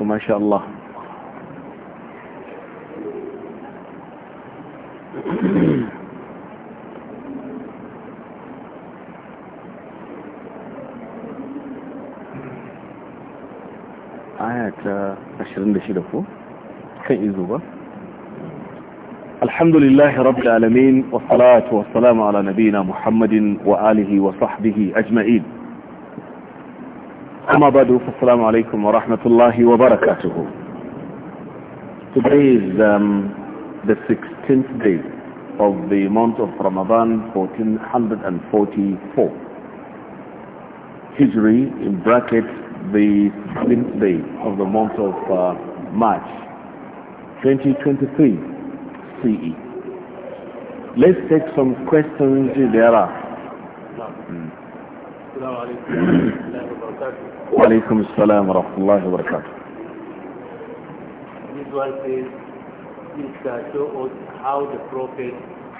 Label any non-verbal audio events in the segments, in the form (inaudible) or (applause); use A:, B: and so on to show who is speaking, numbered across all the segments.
A: عليكم ما شاء الله (clears throat) آيات عشرين دشدفو كي إذوبة الحمد لله رب العالمين والصلاة والسلام على نبينا محمد وآله وصحبه أجمعين أما بعد فالسلام عليكم ورحمة الله وبركاته Today is um, the 16th day of the month of Ramadan 1444 Hijri in bracket the 16th day of the month of uh, March 2023 CE Let's take some questions if there are.
B: السلام (clears throat)
A: Walaikum assalam wa rahmatullahi
B: This one says, uh, us how the Prophet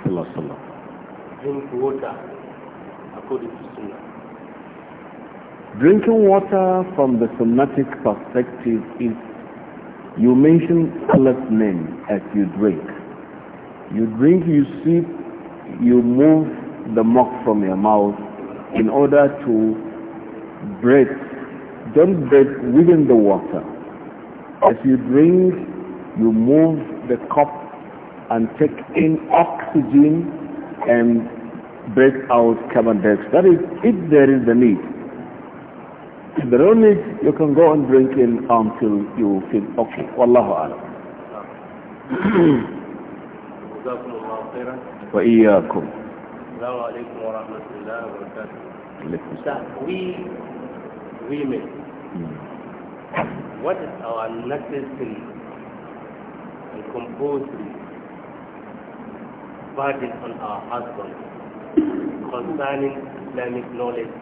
B: drink water according to Sunnah.
A: Drinking water from the Sunnatic perspective is you mention Allah's name as you drink. You drink, you sip, you move the muck from your mouth in order to breathe don't bathe within the water. As you drink, you move the cup and take in oxygen and breathe out carbon dioxide. That is, if there is the need. If there is no need, you can go on drinking until you feel okay. Wallahu alam. وإياكم
B: السلام عليكم ورحمة الله وبركاته women. What is our necessary and compulsory
A: burden on our husbands concerning Islamic knowledge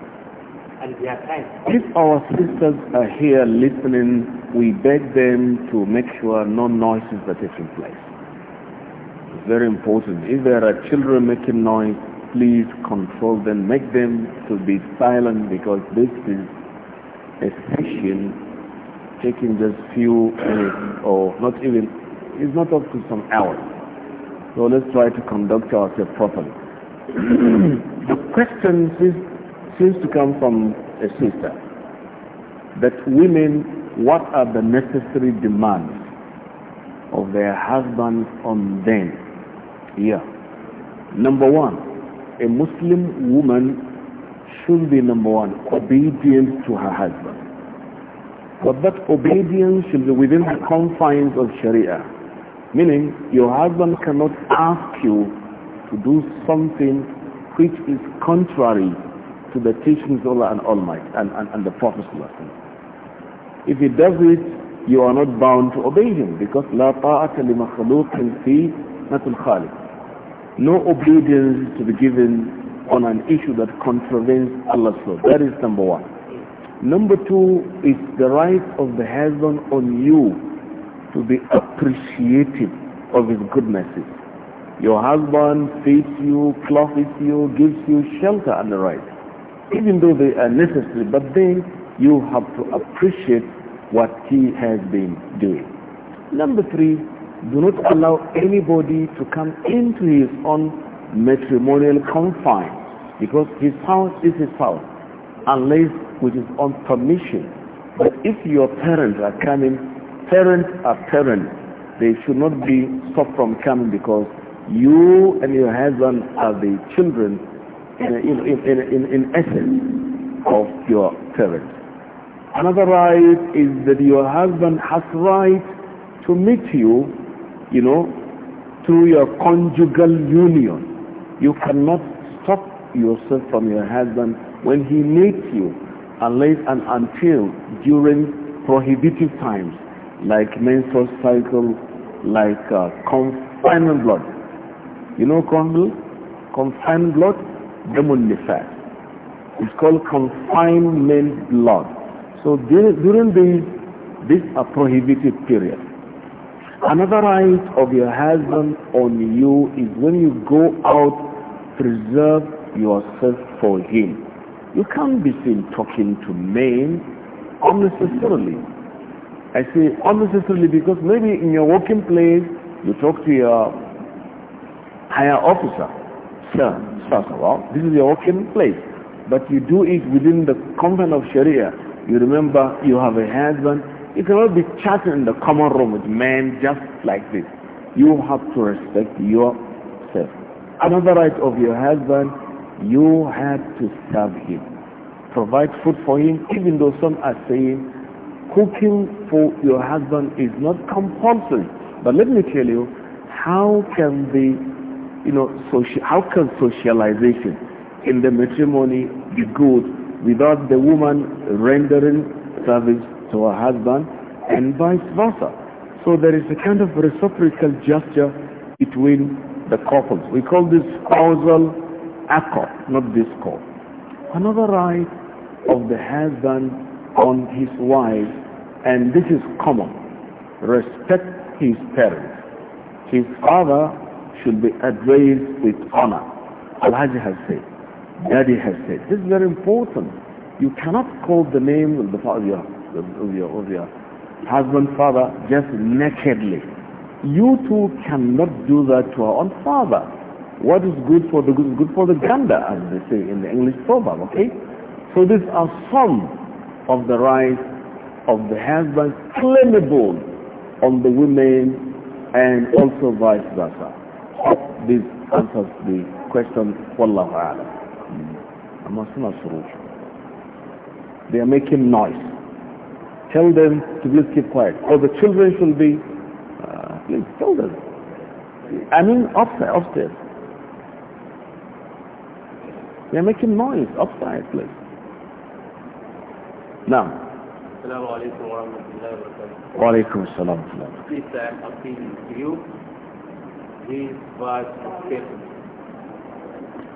A: and their time? If our sisters are here listening, we beg them to make sure no noises are taking place. It's very important. If there are children making noise, please control them, make them to be silent because this is efficient, taking just few minutes or not even, it's not up to some hours. So let's try to conduct ourselves properly. (clears throat) the question seems, seems to come from a sister that women, what are the necessary demands of their husbands on them? Yeah. Number one, a Muslim woman should be number one, obedience to her husband. But that obedience should be within the confines of Sharia. Meaning, your husband cannot ask you to do something which is contrary to the teachings of Allah and Almighty and, and, and the Prophet. If he does it, you are not bound to obey him because لا طاعة لمخلوق في نت الخالق. No obedience to be given on an issue that contravenes Allah's law. That is number one. Number two is the right of the husband on you to be appreciative of his goodnesses. Your husband feeds you, clothes you, gives you shelter and the right. Even though they are necessary, but then you have to appreciate what he has been doing. Number three, do not allow anybody to come into his own matrimonial confine because his house is his house unless with his own permission. But if your parents are coming, parents are parents. They should not be stopped from coming because you and your husband are the children in, in, in, in, in essence of your parents. Another right is that your husband has right to meet you, you know, through your conjugal union you cannot stop yourself from your husband when he needs you unless and until during prohibitive times like menstrual cycle, like uh, confinement blood. You know confinement Confined blood? Demon It's called confinement blood. So during, during these, these a uh, prohibitive periods. Another right of your husband on you is when you go out, preserve yourself for him. You can't be seen talking to men unnecessarily. I say unnecessarily because maybe in your working place you talk to your higher officer. Sir, sir, sir, well, this is your working place. But you do it within the confines of Sharia. You remember you have a husband you cannot be chatting in the common room with men just like this. You have to respect yourself. Another right of your husband, you have to serve him. Provide food for him, even though some are saying cooking for your husband is not compulsory. But let me tell you, how can the, you know, social, how can socialization in the matrimony be good without the woman rendering service to her husband and vice versa. So there is a kind of reciprocal gesture between the couples. We call this spousal accord, not discord. Another right of the husband on his wife, and this is common, respect his parents. His father should be addressed with honor. Alhaji has said, Daddy has said. This is very important. You cannot call the name of the father of your, of your husband, father, just nakedly. You two cannot do that to our own father. What is good for the good is good for the gander, as they say in the English proverb, okay? So these are some of the rights of the husband claimable on the women and also vice versa. this answers the question, Wallahu A'lam. Mm. They are making noise tell them to please keep quiet. Or the children should be, uh, please tell them. I mean upstairs, upstairs. They're making noise upstairs, please. Now. Assalamu alaikum wa rahmatullahi wa barakatuh. Wa alaikum Please, uh, I am appealing to you. Please verse escape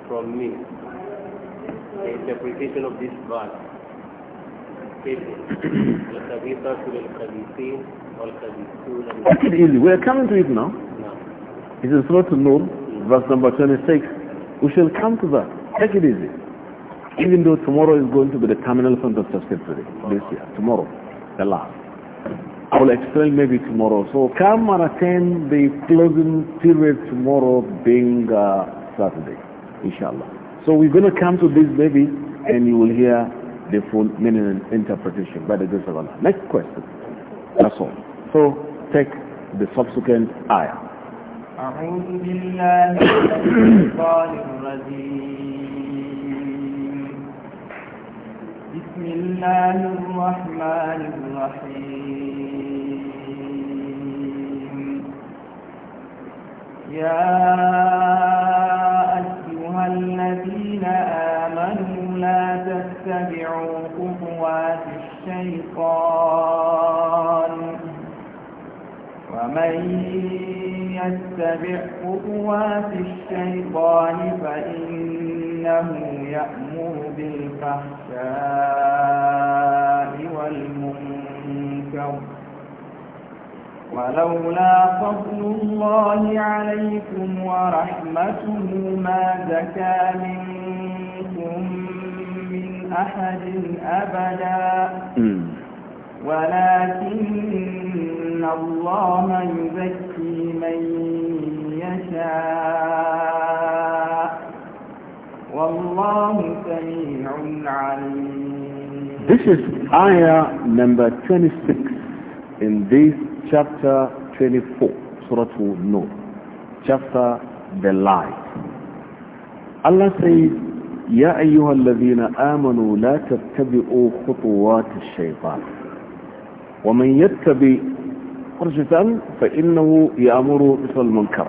A: from me.
B: The interpretation of this verse easy.
A: We are coming to it now.
B: No.
A: It is Surah An-Nur, verse number 26. We shall come to that. Take it easy. Even though tomorrow is going to be the terminal point of success today, this year, tomorrow, the last. I will explain maybe tomorrow. So come and attend the closing period tomorrow being uh, Saturday, inshallah. So we're going to come to this maybe and you will hear the full meaning and interpretation by the grace of Allah. Next question. That's all. So take the subsequent ayah.
C: بسم الله الرحمن الرحيم يا الشيطان ومن يتبع خطوات الشيطان فإنه يأمر بالفحشاء والمنكر ولولا فضل الله عليكم ورحمته ما زكى منكم أحد أبدا ولكن الله يزكي من يشاء والله سميع عليم
A: This is ayah number 26 in this chapter 24, Surah An-Nur, chapter the light. Allah says, يا أيها الذين آمنوا لا تتبعوا خطوات الشيطان ومن يتبع قرشة فإنه يأمر مثل المنكر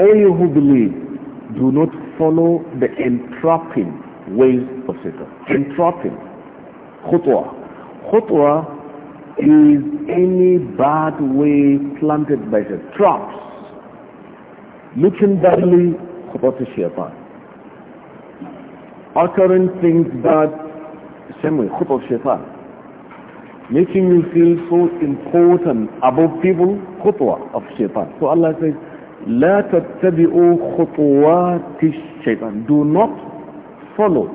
A: أيه بليد do not follow the entrapping ways of Satan entrapping خطوة خطوة is any bad way planted by the traps looking badly خطوة الشيطان uttering things that same way, hope of shaitan. Making you feel so important above people, khutwa of shaitan. So Allah says, لا تتبعوا خطوات الشيطان. Do not follow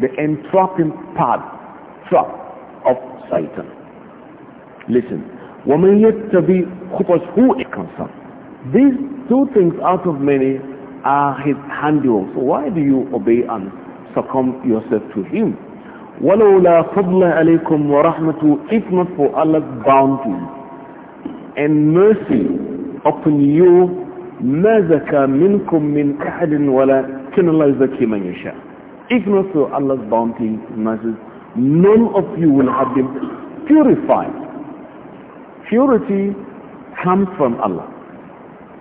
A: the entrapping path, trap of Satan. Listen, ومن يتبع خطوات who it These two things out of many are his handiwork. So why do you obey and succumb yourself to Him. وَلَوْلَا فَضْلَ عَلَيْكُمْ وَرَحْمَةُ If not for Allah's bounty and mercy upon you, مَا زَكَى مِنْكُمْ مِنْ أَحَدٍ وَلَكِنَّ اللَّهَ يَزَكِّي مَنْ يَشَاءُ If not for Allah's bounty, mercy, none of you will have been purified. Purity comes from Allah.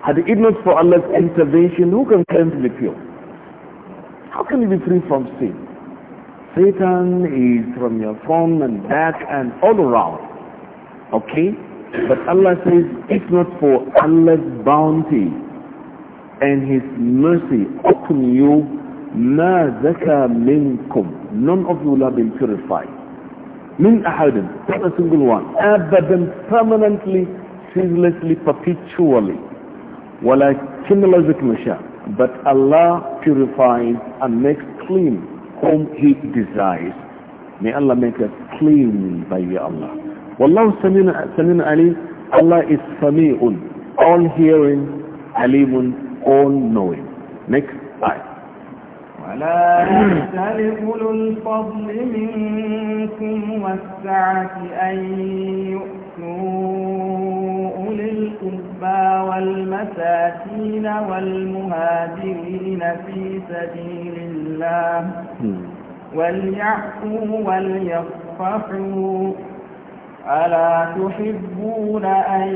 A: Had it not for Allah's intervention, who can claim to be pure? How can you be free from sin? Satan is from your front and back and all around. Okay? But Allah says, if not for Allah's bounty and His mercy upon you, ما زكى منكم None of you will have been purified. من أحد Not a single one. أبدا permanently, ceaselessly, perpetually. ولا كم الله زكى But Allah purifies and makes clean whom He desires. May Allah make us clean by Allah. Wallahu Samin Ali, Allah is Sami'un, all hearing, Alimun, all knowing. Next slide.
C: ولا يحتل أولو الفضل منكم والسعة أن يؤتوا أولي القربى القربى والمساكين والمهاجرين في سبيل الله وليعفوا وليصفحوا ألا تحبون أن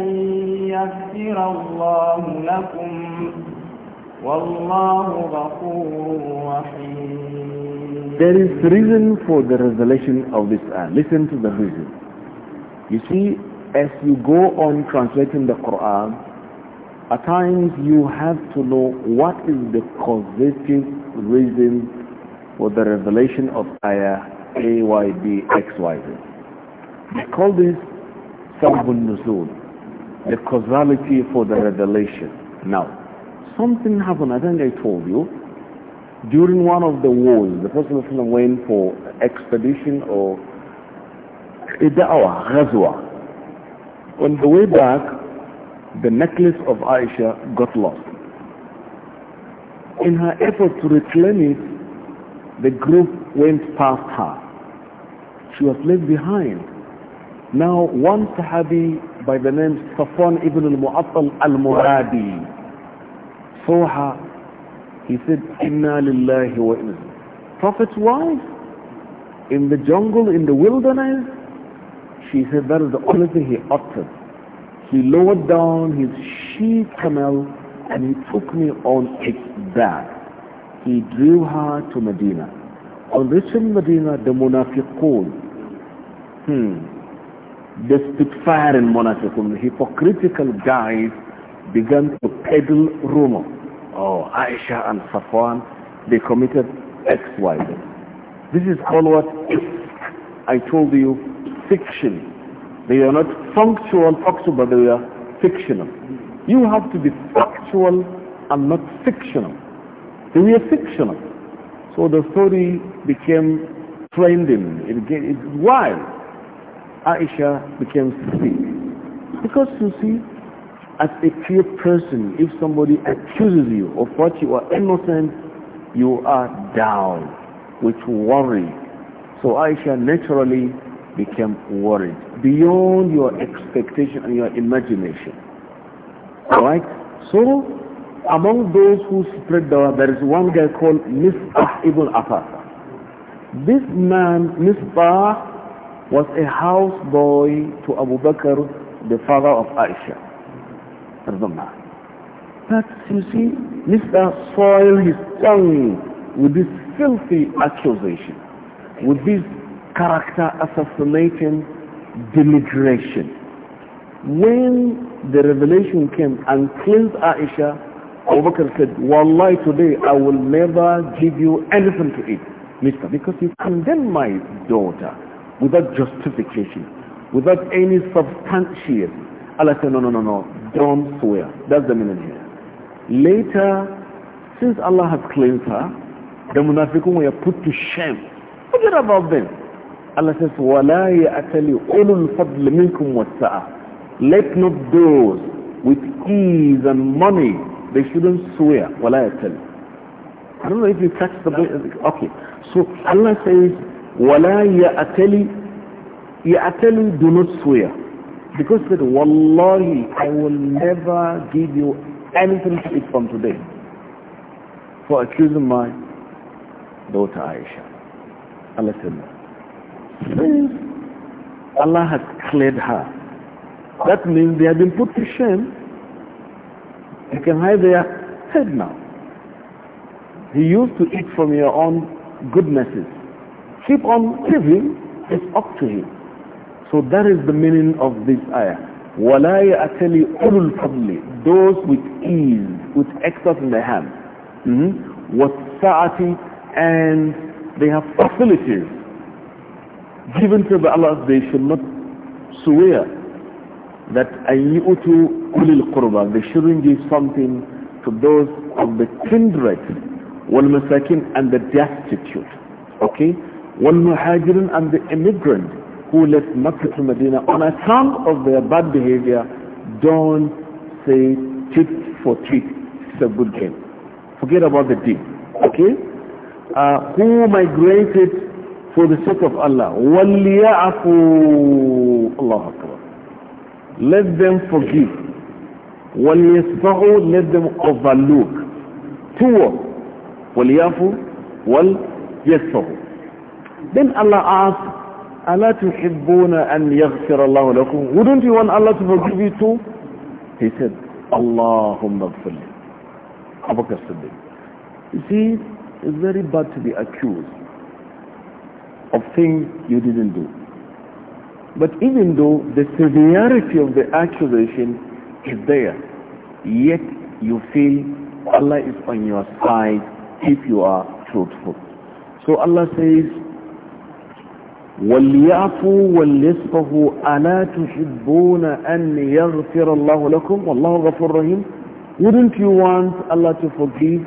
C: يغفر الله لكم والله غفور رحيم There is
A: reason for the resolution of this ayah. Listen to the reason. You see, as you go on translating the Quran, at times you have to know what is the causative reason for the revelation of ayah A, Y, B, X, Y, Z. They call this Sabun Nuzul, the causality for the revelation. Now, something happened, I think I told you, during one of the wars, the Prophet went for expedition or a da'wah, ghazwa, on the way back, the necklace of Aisha got lost. In her effort to reclaim it, the group went past her. She was left behind. Now one Sahabi by the name Safwan ibn al-Mu'attal al-Muradi saw her. He said, Inna lillahi wa inna. Prophet's wife? In the jungle, in the wilderness? She said that is the only thing he uttered. He lowered down his she camel and he took me on its back. He drew her to Medina. On reaching Medina, the munafiqun, hmm, the spitfiring munafiqun, the hypocritical guys began to peddle rumor. Oh, Aisha and Safwan, they committed XYZ. This is called what? I told you fiction. They are not functional facts, but they are fictional. You have to be factual and not fictional. They were fictional. So the story became trending. It became, it, why Aisha became sick? Because you see, as a pure person, if somebody accuses you of what you are innocent, you are down with worry. So Aisha naturally became worried beyond your expectation and your imagination. Alright? So, among those who spread the there is one guy called Misbah ibn Afasa. This man, Misbah, was a houseboy to Abu Bakr, the father of Aisha. But you see, Misbah soiled his tongue with this filthy accusation, with this character assassination deliberation. When the revelation came and killed Aisha, Abu Bakr said, Wallahi today I will never give you anything to eat, mister, because you condemned my daughter without justification, without any substantiation. Allah said, no, no, no, no, don't swear. That's the meaning here. Later, since Allah has cleansed her, the munafiqun were put to shame. Forget about them. Allah says, وَلَا يَأْتَلِ أُولُو الْفَضْلِ مِنْكُمْ وَالسَّعَى Let not those with ease and money, they shouldn't swear. وَلَا يَأْتَلِ I don't know if you catch the... Okay. So Allah says, وَلَا يَأْتَلِ يَأْتَلِ do not swear. Because he said, Wallahi, I will never give you anything to eat from today for accusing my daughter Aisha. Allah said no. Allah has cleared her. That means they have been put to shame. You can hide their head now. He used to eat from your own goodnesses. Keep on giving, it's up to him. So that is the meaning of this ayah. وَلَا يَأْتَلِ أُولُو الْفَضْلِ Those with ease, with excess in their hand. Mm-hmm. And they have facilities given to by Allah, they should not swear that ayyutu ulil qurba. They shouldn't give something to those of the kindred, wal masakin and the destitute. Okay? Wal muhajirin and the immigrant who left Makkah to Medina on account of their bad behavior. Don't say tit for tit. It's a good game. Forget about the deed. Okay? Uh, who migrated for the sake of Allah. وَلْيَعْفُوا Allah Akbar. Let them forgive. وَلْيَسْفَعُوا Let them overlook. Two words. وَلْيَعْفُوا وَلْيَسْفَعُوا Then Allah Allah أَلَا تُحِبُّونَ أَنْ يَغْفِرَ اللَّهُ لَكُمْ Wouldn't you want Allah to forgive you too? He said, Allahumma gfirli. Abu Bakr Siddiq. You see, it's very bad to be accused of things you didn't do. But even though the severity of the accusation is there, yet you feel Allah is on your side if you are truthful. So Allah says, وليعفوا وليصفحوا ألا تحبون أن يغفر الله لكم والله غفور رحيم Wouldn't you want Allah to forgive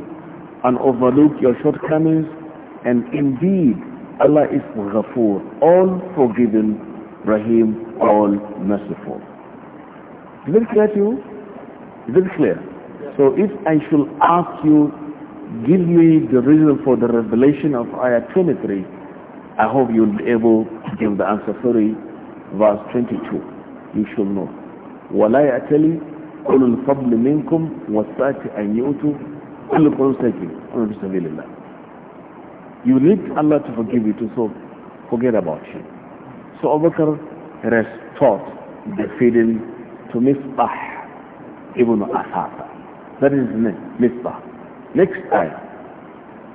A: and overlook your shortcomings? And indeed, Allah is Ghafoor, all forgiving, Rahim, all merciful. Is it clear to you? Is it clear? So if I shall ask you, give me the reason for the revelation of Ayah 23, I hope you'll be able to give the answer. Sorry, verse 22. You should know. وَلَا يَأْتَلِي أولو الفضل منكم والسعة أن يؤتوا كل قول سجل أمر You need Allah to forgive you too, so forget about you. So Abu Bakr restored the feeding to Misbah ibn Asata. That is his name, Misbah. Next time.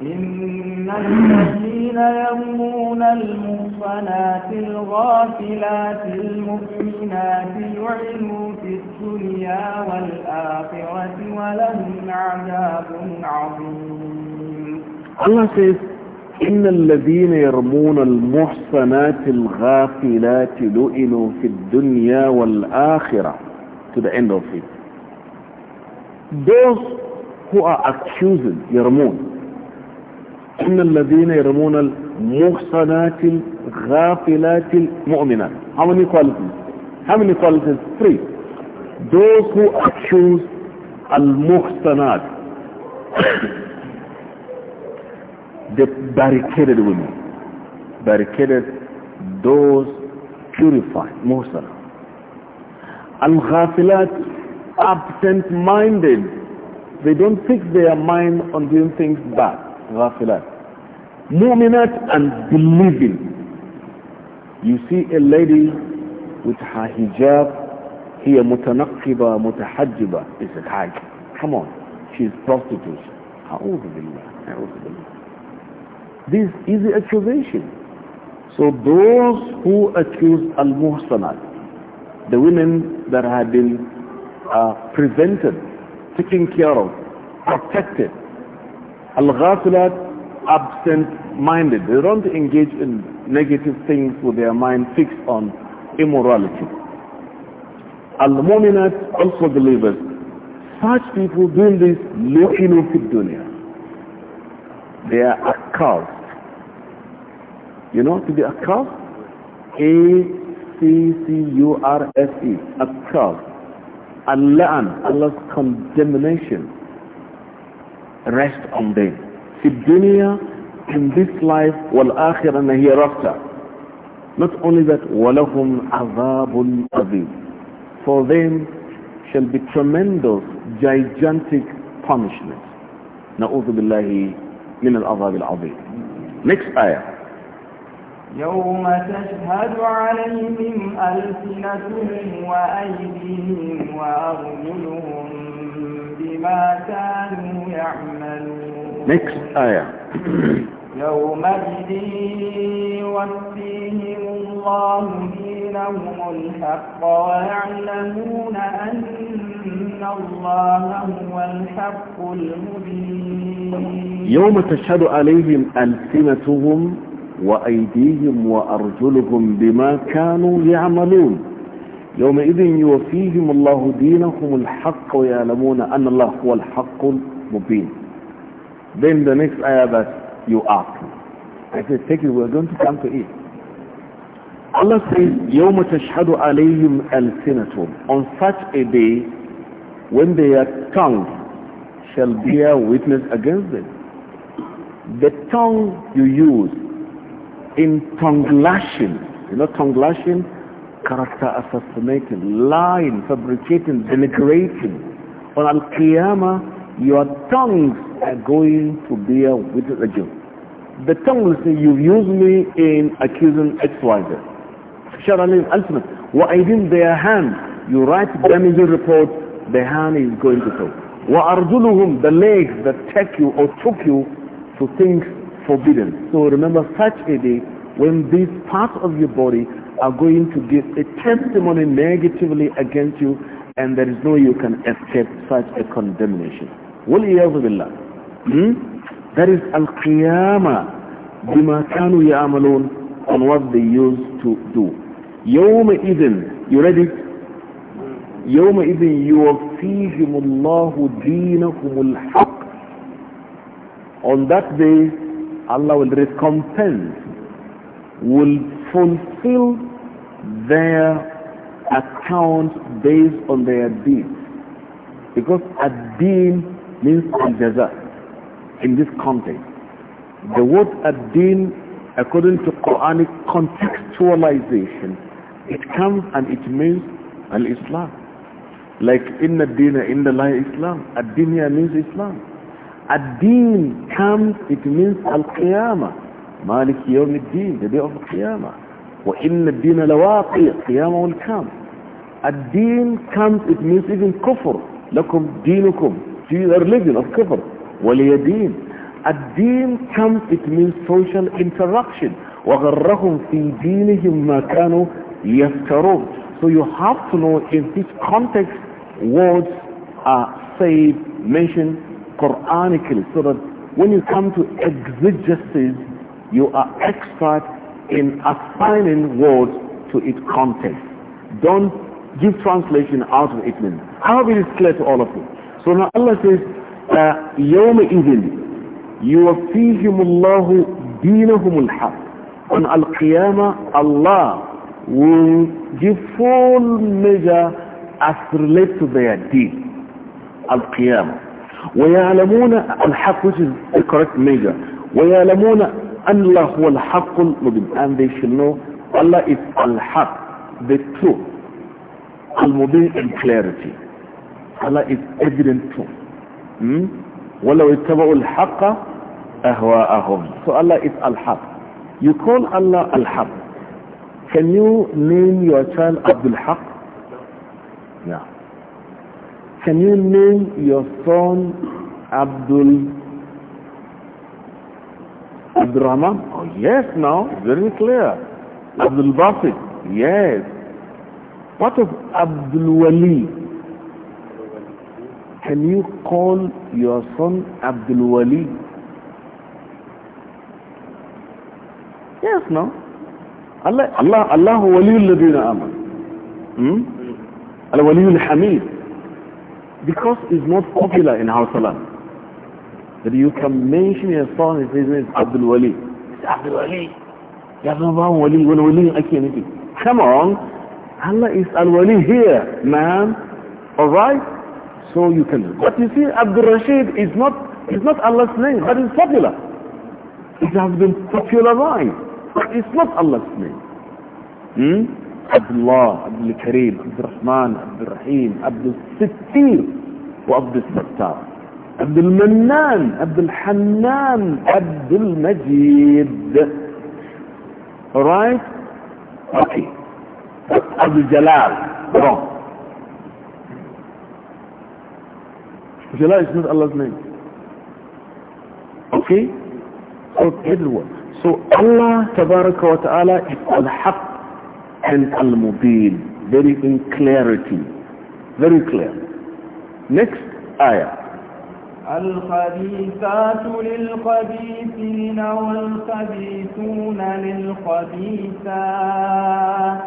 C: إن الذين يرمون المحصنات الغافلات المؤمنات يعنوا في الدنيا والآخرة ولهم عذاب عظيم.
A: Allah says إن الذين يرمون المحصنات الغافلات لئنوا في الدنيا والآخرة to the end of it those who are accused يرمون إن الذين يرمون المحصنات الغافلات المؤمنات how many qualities how many qualities three those who accuse المحصنات they barricaded women, barricaded those purified, Muslim. Al-Ghafilat, absent-minded, they don't fix their mind on doing things bad, Ghafilat. Mu'minat and believing. You see a lady with her hijab, هي متنقبة mutahajiba. is a guy. Come on, she's prostitute. أعوذ بالله, أعوذ بالله. This is the accusation. So those who accuse al-muhsanat, the women that have been uh, prevented, taken care of, protected, al-ghafilat, absent-minded, they don't engage in negative things with their mind fixed on immorality. Al-mu'minat, also believers, such people doing this, looking فِي dunya. They are cow. You know, to be accursed, a c c u r s e, accursed. And Allah'an, Allah's condemnation rest on them. في in this life, والآخرة and hereafter. Not only that, وَلَهُمْ عَذَابٌ عَظِيمٌ For them shall be tremendous, gigantic punishment. نعوذ بالله من العذاب العظيم next آية
C: يوم تشهد عليهم ألسنتهم وأيديهم وأرجلهم بما كانوا يعملون next آية يومئذ يوفيهم الله دينهم الحق ويعلمون أن يوم
A: تشهد عليهم ألسنتهم وأيديهم وأرجلهم بما كانوا يعملون يومئذ يوفيهم الله دينهم الحق ويعلمون أن الله هو الحق المبين Then the next ayah that you ask I said take it we are going to come to it Allah says يوم تشهد عليهم ألسنتهم On such a day when their tongue shall bear witness against them. The tongue you use in tongue lashing, you know tongue lashing, character assassinating, lying, fabricating, denigrating. On Al-Qiyamah, your tongues are going to bear witness against. The tongue will say, you've used me in accusing XYZ. Sharon is ultimate. What I did their hand, you write damaging report the hand is going to talk. وَأَرْجُلُهُمْ The legs that take you or took you to things forbidden. So remember such a day when these parts of your body are going to give a testimony negatively against you and there is no you can escape such a condemnation. وَلِيَاذُ بِاللَّهِ hmm? That is Al-Qiyamah بِمَا كَانُوا يَعْمَلُونَ on what they used to do. يَوْمَ إِذٍ You ready? yawma idhin yuwaffihimullahu dinahumul haqq on that day Allah will recompense will fulfill their account based on their deeds because ad means al-jaza in this context the word ad according to Quranic contextualization it comes and it means al-Islam Like, in inna dina the lahi Islam. Ad-dinya means Islam. Ad-din comes, it means al-qiyamah. Malik yawm ad-din, the day of qiyamah. Wa inna ad-dina lawaqi, qiyamah will come. Ad-din comes, it means even kufr. Lakum dinukum. See the religion of kufr. Waliyadin. Ad-din comes, it means social interaction. wa gharrahum fi دينهم ma kanu يفترون So you have to know in this context words are said, mentioned Quranically so that when you come to exegesis, you are expert in assigning words to its context. Don't give translation out of it. meaning. How it is clear to all of you. So now Allah says, يوم إذن يوفيهم الله دينهم الحق on Al-Qiyamah Allah will give full measure as relate to their deed القيامة ويعلمون الحق which is the correct measure ويعلمون أن الله هو الحق المبين and they should know Allah is الحق the truth المبين in clarity Allah is evident truth hmm? ولو اتبعوا الحق أهواءهم so Allah is الحق you call Allah الحق Can you name your child Abdul Haq? Yeah. Can you name your son Abdul Abdul Rahman? Oh, yes, now, very clear. Abdul Basit? Yes. What of Abdul Wali? Can you call your son Abdul Wali? Yes, no? Allah, Allah, Allah waliyul ladina aman. Hmm? Al waliyul hamid. Because it's not popular in our salam. That you can mention your son, his name is Abdul Wali.
B: It's Abdul Wali.
A: You have no wali, when wali ake Come on. Allah is Al Wali here, man. Alright? So you can. But you see, Abdul Rashid is not, is not Allah's name, but it's popular. It has been popularized. اسمك الله اسمي عبد الله عبد الكريم عبد الرحمن عبد الرحيم عبد الستير وعبد الستار عبد المنان عبد الحنان عبد المجيد رايت اوكي عبد الجلال رون جلال اسمه الله اسمين اوكي اوكي دلوقتي So Allah Tabaraka wa Ta'ala is al-haq and al-mubin. Very in clarity. Very clear. Next ayah.
C: الخبيثات للخبيثين والخبيثون للخبيثات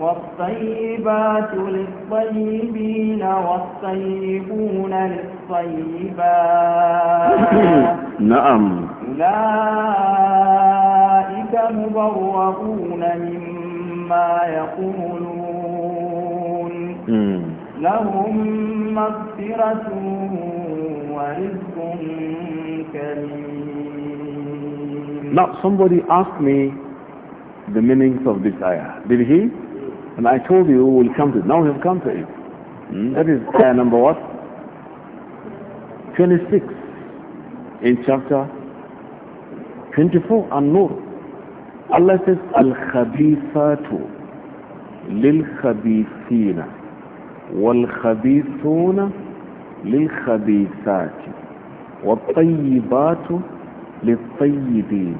C: والطيبات للطيبين والطيبون للطيبات نعم أولئك مبرؤون مما يقولون لهم مغفرة ورزق كريم Now
A: somebody asked me the meanings of this ayah. Did he? And I told you we'll come to it. Now we've come to it. Hmm? That is ayah number what? 26 in chapter 24 النور الله says الخبيثات للخبيثين والخبيثون للخبيثات والطيبات للطيبين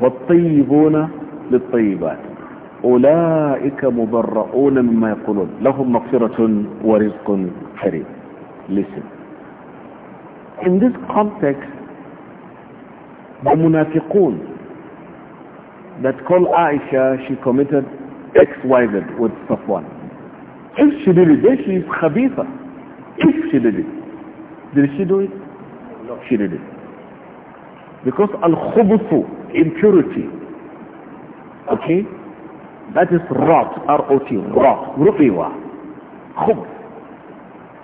A: والطيبون للطيبات أولئك مبرؤون مما يقولون لهم مغفرة ورزق كريم Listen. In this context, the munafiqun that call Aisha she committed XYZ with Safwan. If she did it, then she is khabitha. If she did it. Did she do it? No. She did it. Because al-khubuthu, impurity, okay, that is rot, R-O-T, rot, ruqiwa. khub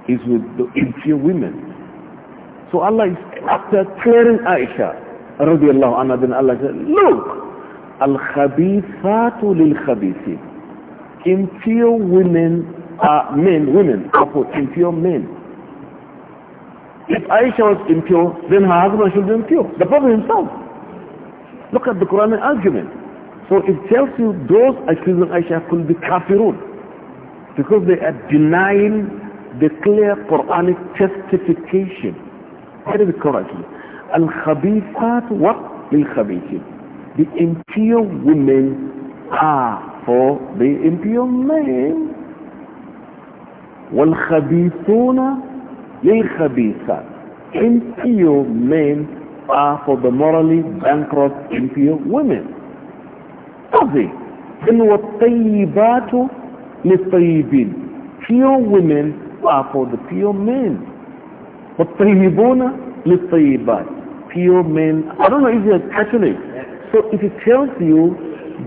A: is with the impure women. So Allah is after clearing Aisha radiallahu anhu, then Allah said, look, al-khabithatu lil-khabithin. Impure women are uh, men, women are for impure men. If Aisha was impure, then her husband should be impure. The is himself. Look at the Quranic argument. So it tells you those accusing Aisha could be kafirun because they are denying the clear Quranic testification. Very correctly. الخبيثات khabithat what? lil The impure women are for the impure men. وَالْخَبِيثُونَ لِلْخَبِيثَاتِ Impure men are for the morally bankrupt impure women. Does إنَّ الطيباتُ وَالطَّيِّبَاتُ لِلطَّيِّبِينَ Pure women are for the pure men. وَالطَّيِّبُونَ لِلطَّيِّبَاتِ pure men. I don't know if you're Catholic. So if it tells you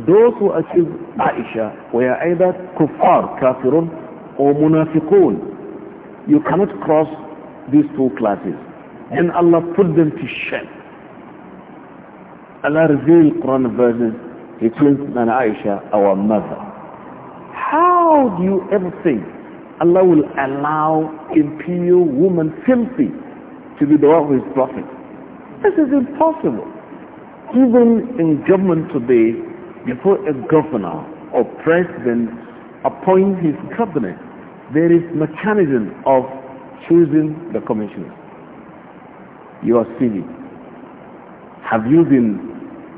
A: those who achieve Aisha were either kuffar, kafirun, or munafiqun, you cannot cross these two classes. And Allah put them to shame. Allah revealed Quran verses, He cleansed Aisha, our mother. How do you ever think Allah will allow impure woman filthy to be the one who is prophet? This is impossible. Even in government today, before a governor or president appoints his cabinet, there is mechanism of choosing the commissioner. Your CV. Have you been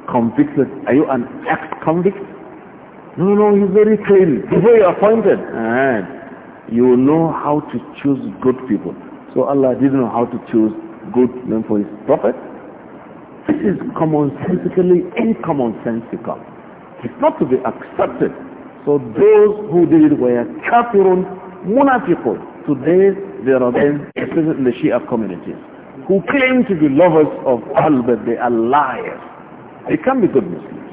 A: convicted? Are you an ex-convict? No, no, he's very clean. Before you're appointed, and you know how to choose good people. So Allah didn't know how to choose good men for his prophet. This is commonsensically incommonsensical. It's not to be accepted. So those who did it were kafirun, munafiqun. Today there are them, especially in the Shia communities, who claim to be lovers of Allah, but they are liars. They can't be good Muslims.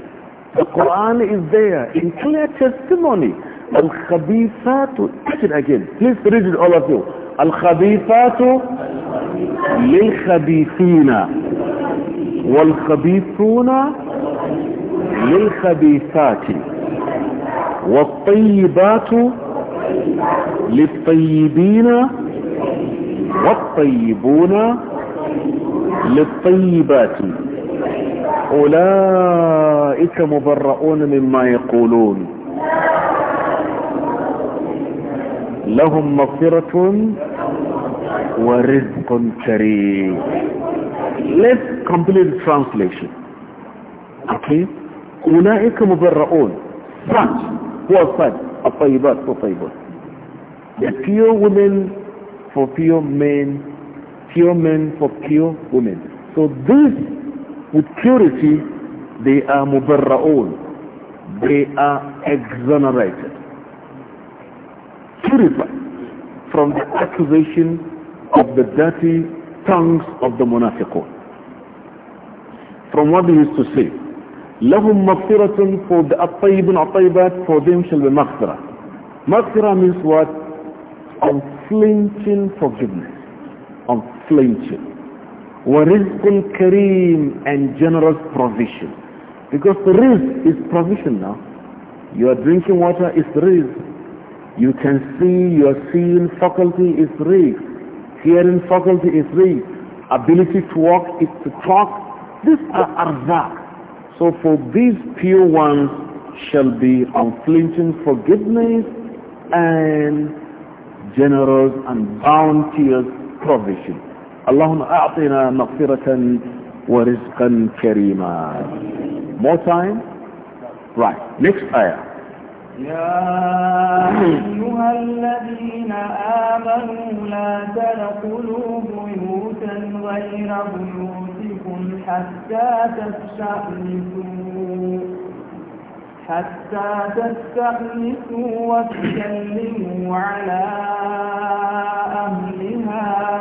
A: The Quran is there in clear testimony. Al-Khabithatu, read it again. Please read it all of you. Al-Khabithatu lil-Khabithina. والخبيثون للخبيثات والطيبات للطيبين والطيبون للطيبات أولئك مبرؤون مما يقولون لهم مغفرة ورزق كريم Let's complete translation. Okay? أُولَٰئِكَ مُبَرَّؤُونَ but who are such, الطيبات for طيبات. The pure women for pure men, pure men for pure women. So this, with purity, they are mubarra'un. They are exonerated. Purified from the accusation of the dirty tongues of the munafiqun from what he used to say. لهم مغفرة for the الطيب الطيبات for them shall be مغفرة. مغفرة means what? Unflinching forgiveness. Unflinching. ورزق كريم and generous provision. Because the risk is provision now. Your drinking water is risk. You can see your seeing faculty is risk. Hearing faculty is risk. Ability to walk is to talk these are arzak. So for these pure ones shall be unflinching forgiveness and generous and bounteous provision. اللهم أعطنا مغفرة ورزقا كريما. More time? Right. Next ayah.
C: يا أيها الذين آمنوا لا تدخلوا بيوتا غير بيوتكم يمسككم حتى تستحلفوا حتى تستأنسوا وتسلموا على أهلها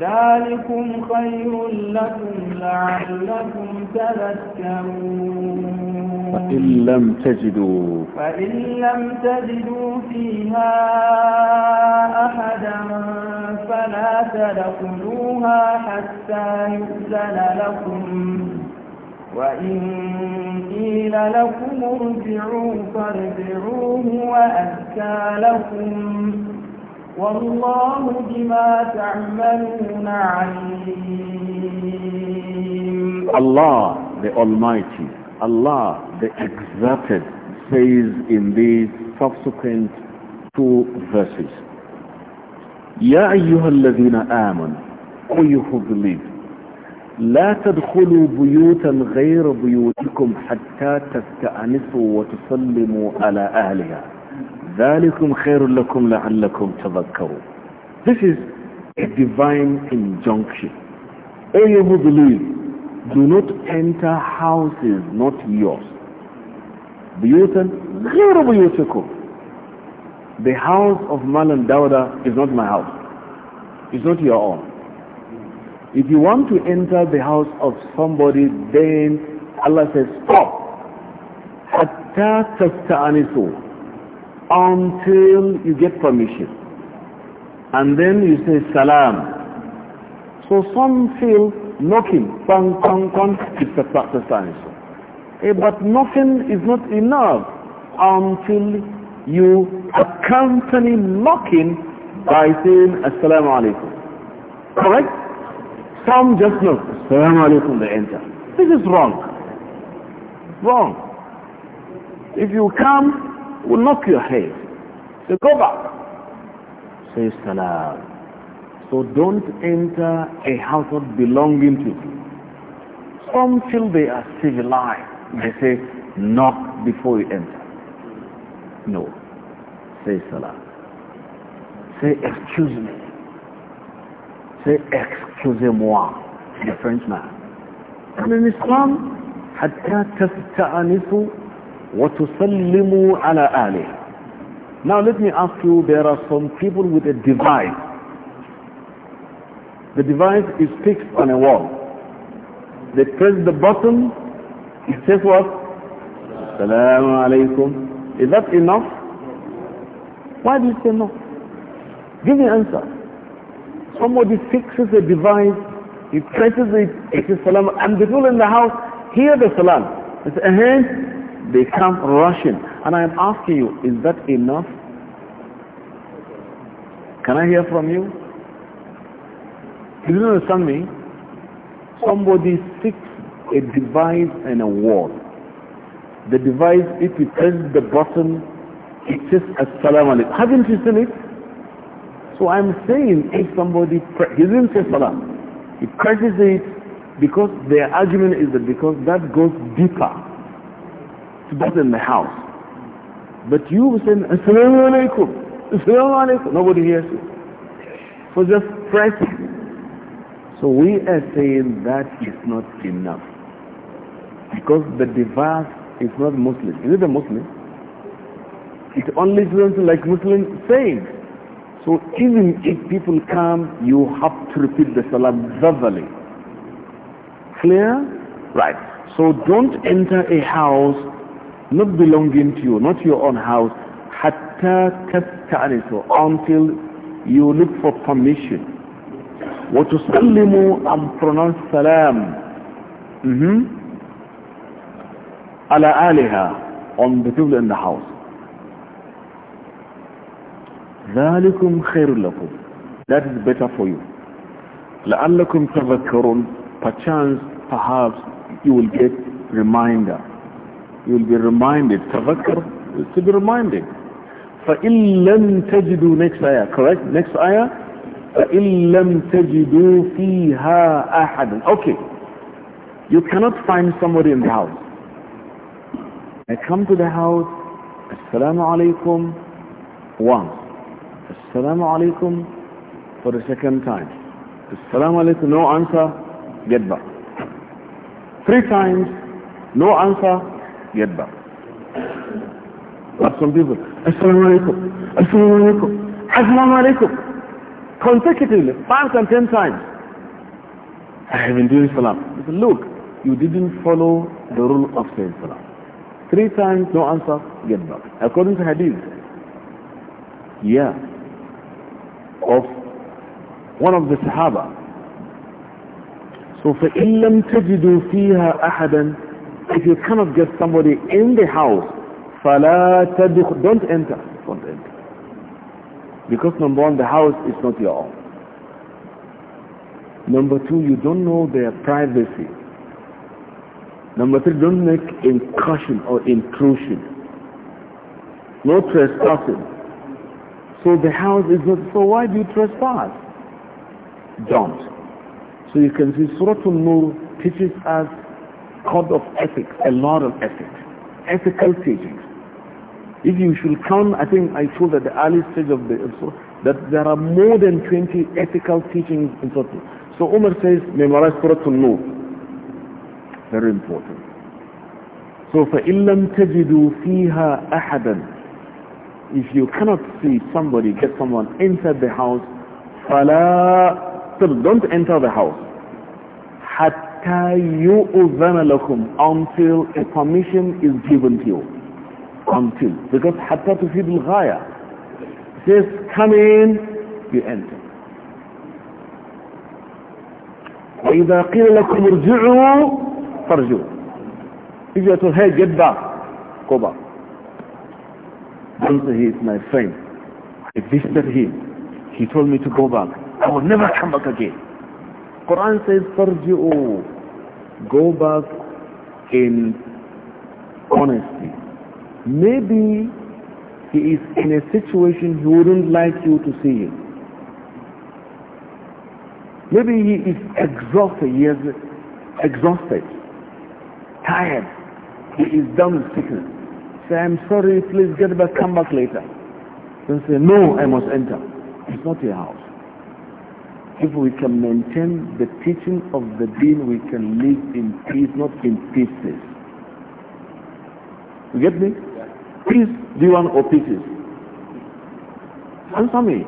C: ذلكم خير لكم لعلكم تذكرون فإن لم تجدوا فإن لم تجدوا فيها أحدا فلا تدخلوها حتى يؤذن لكم وإن قيل لكم ارجعوا فارجعوه وأزكى لكم والله بما تعملون عليم الله
A: the Almighty Allah the Exalted says in these subsequent two verses يا أيها الذين آمنوا you who believe لا تدخلوا بيوتا غير بيوتكم حتى تستأنسوا وتسلموا على أهلها ذلكم خير لكم لعلكم تذكروا This is a divine injunction. O you who believe, do not enter houses not yours. بيوتا غير بيوتكم The house of Mal and Dawda is not my house. It's not your own. If you want to enter the house of somebody, then Allah says, stop. Hatta tasta'anisu. Until you get permission. And then you say, salam. So some feel knocking, bang, bang, bang, it's tasta'anisu. Eh, but knocking is not enough until you accompany knocking by saying, assalamu alaikum. Correct? Come just look, Assalamu alaikum, they enter. This is wrong. Wrong. If you come, we'll knock your head. So go back. Say salam. So don't enter a household belonging to you. Some till they are civilized. They say, knock before you enter. No. Say salam. Say excuse me. Say excuse José Moi, the Frenchman. And in Islam, حتى تستأنسوا وتسلموا على أهله. Now let me ask you, there are some people with a device. The device is fixed on a wall. They press the button, it says what? Salaamu Alaikum. Is that enough? Why do you say no? Give me an answer. Somebody fixes a device, he presses it, it is salam, and the people in the house hear the salam. They say, uh-huh, they come rushing. And I am asking you, is that enough? Can I hear from you? do you understand me? Somebody fixes a device and a wall. The device, if you press the button, it says Assalamu alaykum. Haven't you seen it? So I'm saying if somebody, he didn't say salam. He curses it because their argument is that because that goes deeper. it's better in the house. But you say, Assalamu alaikum, Assalamu alaikum. Nobody hears you. So just pressing. So we are saying that is not enough. Because the device is not Muslim. Is it a Muslim? It only sounds like Muslim saying. So even if people come, you have to repeat the salam verbally. Clear? Right. So don't enter a house not belonging to you, not your own house, hatta until you look for permission. وتسلموا and pronounce salam mm -hmm. على آلهة on the people in the house. ذَلِكُمْ خَيْرٌ لَكُمْ That is better for you. لَعَلَّكُمْ تَذَكَّرُونَ Perchance, perhaps, you will get reminder. You will be reminded. Tadhakkar is to be reminded. فَإِن لَمْ تَجِدُوا Next ayah, correct? Next ayah. فَإِن لَمْ تَجِدُوا فِيهَا أَحَدًا Okay. You cannot find somebody in the house. I come to the house, Assalamu alaikum, once. Assalamu alaikum for the second time. Assalamu alaikum, no answer, get back. Three times, no answer, get back. But some people, Assalamu alaikum, Assalamu alaikum, Assalamu alaikum. Consecutively, five and ten times. I have been doing salam. Said, Look, you didn't follow the rule of saying salam. Three times, no answer, get back. According to hadith. Yeah of one of the Sahaba. So فَإِن لَمْ تَجِدُوا فِيهَا أَحَدًا If you cannot get somebody in the house, فَلَا تَدُخْ Don't enter. Don't enter. Because number one, the house is not your own. Number two, you don't know their privacy. Number three, don't make incursion or intrusion. No trespassing. So the house is not, so why do you trespass? Don't. So you can see Surah An-Nur teaches us code of ethics, a lot of ethics, ethical teachings. If you should count, I think I told at the early stage of the episode that there are more than 20 ethical teachings in Surah So Umar says, memorize Surah An-Nur. Very important. So فَإِن لَمْ تَجِدُوا فِيهَا أَحَدًا if you cannot see somebody, get someone inside the house, فَلَا so Don't enter the house. حَتَّى يُؤْذَنَ لَكُمْ Until a permission is given to you. Until. Because حَتَّى تُفِيدُ الْغَايَةِ Says, come in, you enter. وَإِذَا قِيلَ لَكُمْ ارْجِعُوا فَارْجِعُوا If you are told, hey, get back, go back he is my friend. I visited him. He told me to go back. I will never come back again. Quran says, Farji'u. Go back in honesty. Maybe he is in a situation he wouldn't like you to see him. Maybe he is exhausted, he is exhausted, tired, he is done with sickness. Say, I'm sorry, please get back, come back later. Don't say, no, I must enter. It's not your house. If we can maintain the teaching of the deen, we can live in peace, not in pieces. You get me? Peace, do you want or pieces? Answer me.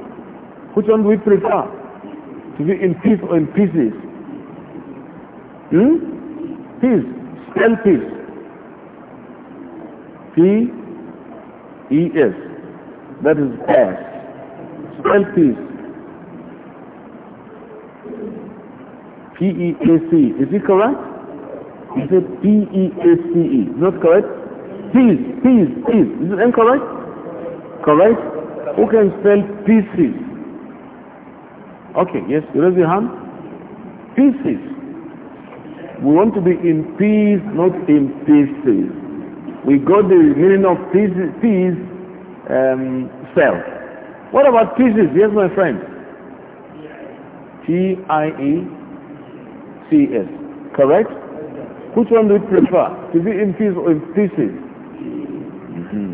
A: Which one do we prefer? To be in peace or in pieces? Hmm? Peace. Spell peace. P-E-S. That is peace. Spell peace. P-E-A-C. Is it correct? You said P-E-A-C-E. Not correct? Peace, peace, peace. Is it incorrect? Correct? Who can spell pieces? Okay, yes, raise your hand. Pieces. We want to be in peace, not in pieces we got the meaning of peace, peace um, What about pieces? Yes, my friend. T-I-E-C-S. Correct? Which one do you prefer? To be in pieces or in pieces? Mm -hmm.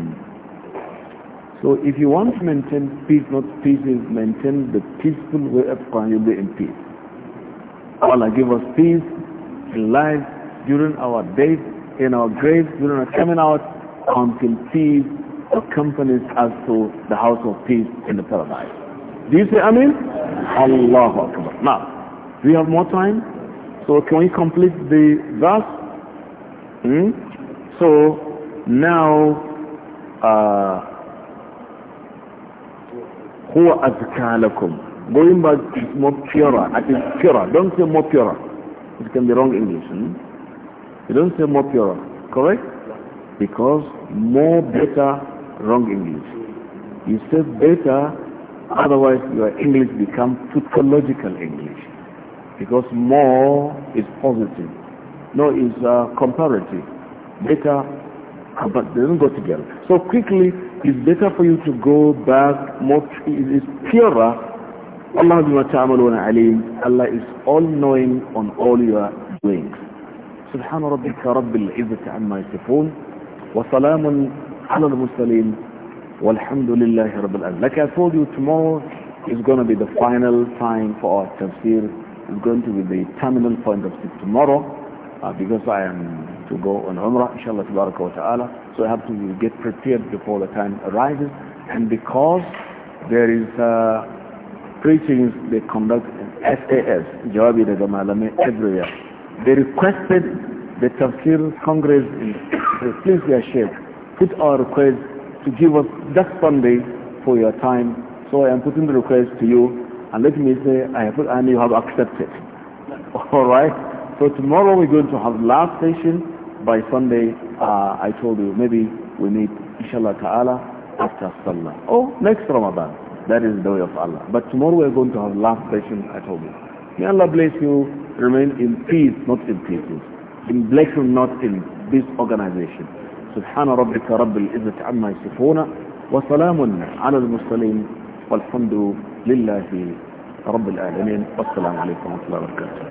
A: So if you want to maintain peace, not pieces, maintain the peaceful way of life. you'll be in peace. Allah give us peace in life, during our days in our graves, we are not coming out until peace accompanies us to the house of peace in the paradise. Do you say Amen? mean? Akbar. Now, do we have more time? So can we complete the verse? Hmm? So now, uh, هو أذكى going back is more I it is pure. don't say more pure. it can be wrong English hmm? You don't say more purer, correct? Because more better, wrong English. You say better, otherwise your English becomes tautological English. Because more is positive. No, is uh, comparative. Better, but they don't go together. So quickly, it's better for you to go back, more, it is purer Allah is all-knowing on all your doings. سبحان ربك رب العزة عما يصفون وسلام على المرسلين والحمد لله رب العالمين like I told you tomorrow is going to be the final time for our tafsir it's going to be the terminal point of it tomorrow uh, because I am to go on Umrah inshallah tabaraka wa ta'ala so I have to get prepared before the time arises and because there is uh, preachings they conduct in SAS Jawabi Daga everywhere they requested the Tafsir Congress in Please, dear Sheikh, put our request to give us that Sunday for your time. So I am putting the request to you, and let me say, I have, and you have accepted. (laughs) All right? So tomorrow we're going to have last session. By Sunday, uh, I told you, maybe we meet, inshallah ta'ala, after Salah. Oh, next Ramadan. That is the way of Allah. But tomorrow we're going to have last session, I told you. May Allah bless you. remain in peace, not in pieces, in blessing, not in disorganization. سبحان ربك رب العزة عما يصفون وسلام على المرسلين والحمد لله رب العالمين والسلام عليكم
B: ورحمة الله وبركاته